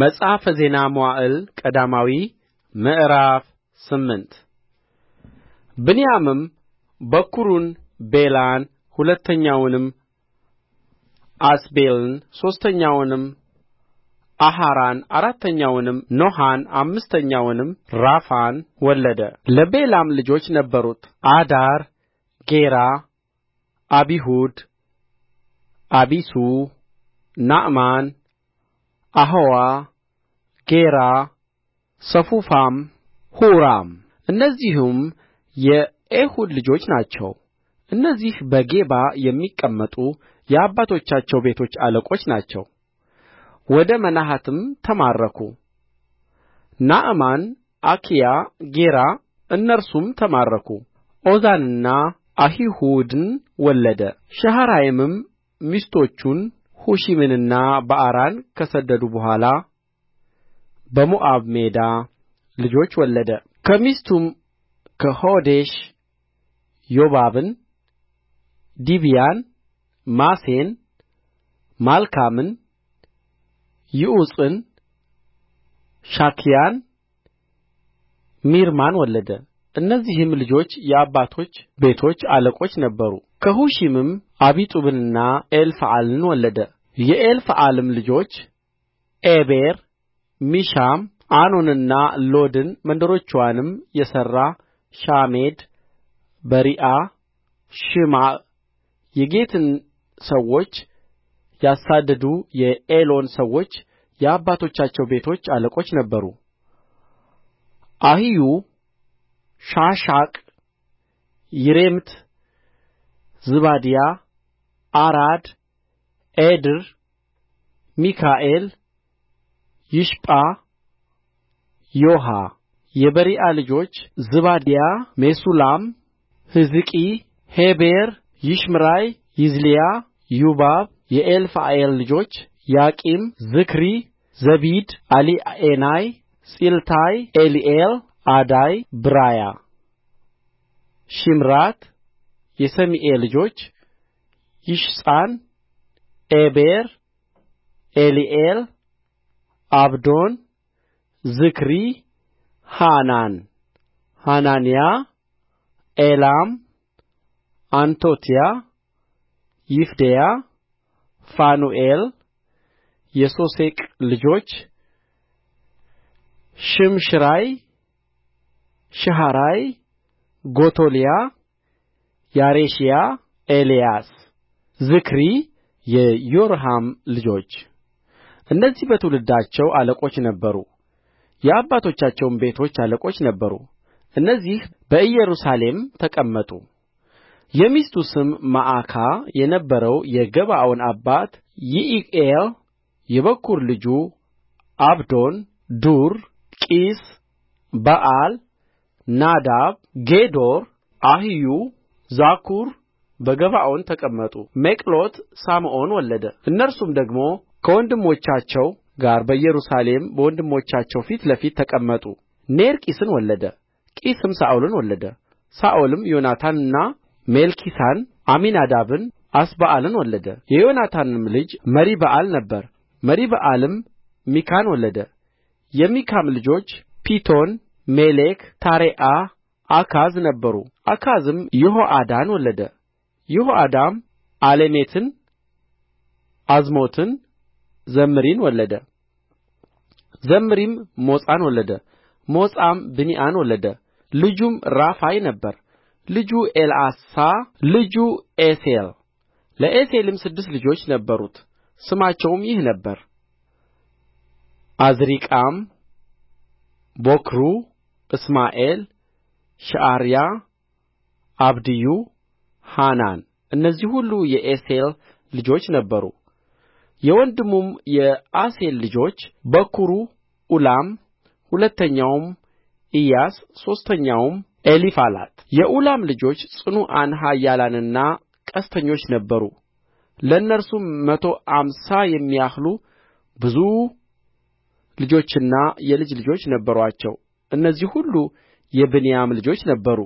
መጽሐፈ ዜና መዋዕል ቀዳማዊ ምዕራፍ ስምንት ብንያምም በኵሩን ቤላን ሁለተኛውንም አስቤልን ሦስተኛውንም አሐራን አራተኛውንም ኖሐን አምስተኛውንም ራፋን ወለደ። ለቤላም ልጆች ነበሩት፣ አዳር፣ ጌራ፣ አቢሁድ፣ አቢሱ፣ ናዕማን አሖዋ ጌራ ሰፉፋም ሁራም እነዚህም የኤሁድ ልጆች ናቸው እነዚህ በጌባ የሚቀመጡ የአባቶቻቸው ቤቶች አለቆች ናቸው ወደ መናሐትም ተማረኩ ናዕማን አኪያ ጌራ እነርሱም ተማረኩ ኦዛንና አሒሑድን ወለደ ሸሃራይምም ሚስቶቹን ሁሺምንና በአራን ከሰደዱ በኋላ በሞዓብ ሜዳ ልጆች ወለደ። ከሚስቱም ከሖዴሽ ዮባብን፣ ዲብያን፣ ማሴን፣ ማልካምን፣ ይዑጽን፣ ሻክያን፣ ሚርማን ወለደ። እነዚህም ልጆች የአባቶች ቤቶች አለቆች ነበሩ። ከሑሺምም አቢጡብንና ኤልፍዓልን ወለደ። የኤልፍዓልም ልጆች ዔቤር ሚሻም ኦኖንና ሎድን መንደሮቻቸውንም የሠራ ሻሜድ በሪዓ ሽማዕ የጌትን ሰዎች ያሳደዱ የኤሎን ሰዎች የአባቶቻቸው ቤቶች አለቆች ነበሩ አሒዮ ሻሻቅ ይሬምት ዝባድያ አራድ ዔድር ሚካኤል ይሽጳ ዮሐ የበሪዓ ልጆች ዝባድያ ሜሱላም ሕዝቂ ሔቤር ይሽምራይ ይዝሊያ ዩባብ የኤልፍዓል ልጆች ያቂም ዝክሪ ዘብዲ ኤልዓኤናይ ጺልታይ ኤሊኤል አዳይ ብራያ ሺምራት የሰሜኢ ልጆች ይሽጳን ዔቤር ኤሊኤል ዓብዶን ዝክሪ ሐናን ሐናንያ ኤላም አንቶትያ፣ ይፍዴያ ፋኑኤል የሶሴቅ ልጆች ሽምሽራይ ሽሃራይ ጎቶልያ ያሬሽያ ኤልያስ ዝክሪ የይሮሐም ልጆች እነዚህ በትውልዳቸው አለቆች ነበሩ የአባቶቻቸውም ቤቶች አለቆች ነበሩ እነዚህ በኢየሩሳሌም ተቀመጡ የሚስቱ ስም መዓካ የነበረው የገባዖን አባት ይዒኤል የበኵር ልጁ ዓብዶን ዱር ቂስ በኣል ናዳብ ጌዶር አሒዮ ዛኩር በገባዖን ተቀመጡ ሚቅሎት ሳምአን ወለደ እነርሱም ደግሞ ከወንድሞቻቸው ጋር በኢየሩሳሌም በወንድሞቻቸው ፊት ለፊት ተቀመጡ ኔር ቂስን ወለደ ቂስም ሳኦልን ወለደ ሳኦልም ዮናታንንና ሜልኪሳን አሚናዳብን አስበኣልን ወለደ የዮናታንም ልጅ መሪበኣል ነበረ መሪበኣልም ሚካን ወለደ የሚካም ልጆች ፒቶን ሜሌክ ታሬዓ አካዝ ነበሩ አካዝም ይሆዓዳን ወለደ ይሆአዳም ዓሌሜትን ዓዝሞትን ዘምሪን ወለደ ዘምሪም ሞጻን ወለደ ሞጻም ብኒአን ወለደ ልጁም ራፋይ ነበረ ልጁ ኤልዓሣ ልጁ ኤሴል ለኤሴልም ስድስት ልጆች ነበሩት ስማቸውም ይህ ነበር ዓዝሪቃም ቦክሩ እስማኤል ሽዓርያ አብድዩ ሐናን እነዚህ ሁሉ የኤሴል ልጆች ነበሩ የወንድሙም የአሴል ልጆች በኵሩ ኡላም ሁለተኛውም ኢያስ ሦስተኛውም ኤሊፋላት የኡላም ልጆች ጽኑዓን ኃያላንና ቀስተኞች ነበሩ ለእነርሱም መቶ አምሳ የሚያህሉ ብዙ ልጆችና የልጅ ልጆች ነበሩአቸው እነዚህ ሁሉ የብንያም ልጆች ነበሩ